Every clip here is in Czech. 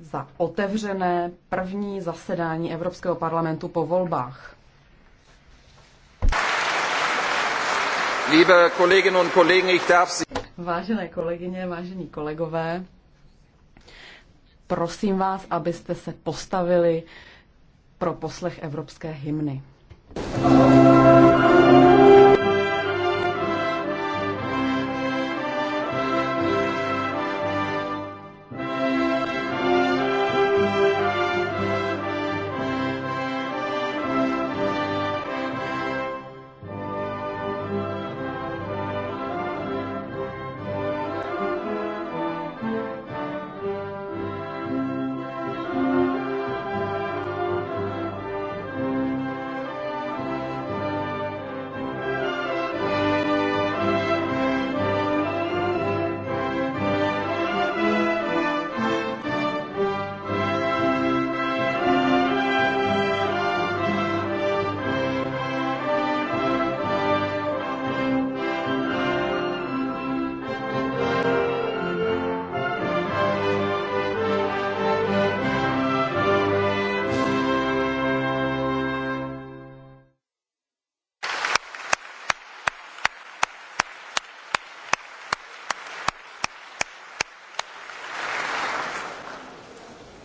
za otevřené první zasedání Evropského parlamentu po volbách. Liebe Kolleginnen und Kollegen, ich darf Sie... Vážené kolegyně, vážení kolegové, prosím vás, abyste se postavili pro poslech evropské hymny.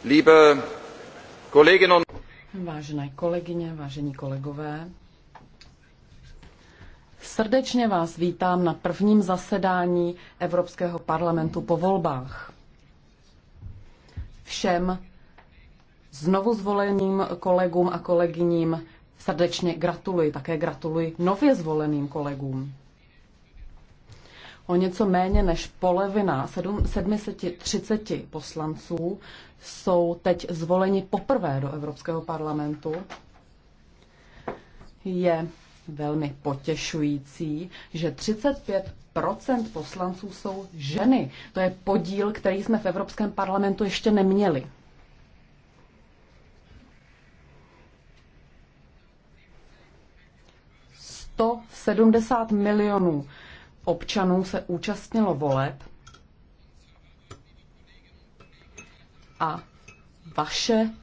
Liebe Kolleginnen und Vážené kolegyně, vážení kolegové, srdečně vás vítám na prvním zasedání Evropského parlamentu po volbách. Všem znovu zvoleným kolegům a kolegyním srdečně gratuluji, také gratuluji nově zvoleným kolegům o něco méně než polovina. 730 poslanců jsou teď zvoleni poprvé do Evropského parlamentu, je velmi potěšující, že 35 poslanců jsou ženy. To je podíl, který jsme v Evropském parlamentu ještě neměli. Sto 70 milionů občanů se účastnilo voleb a vaše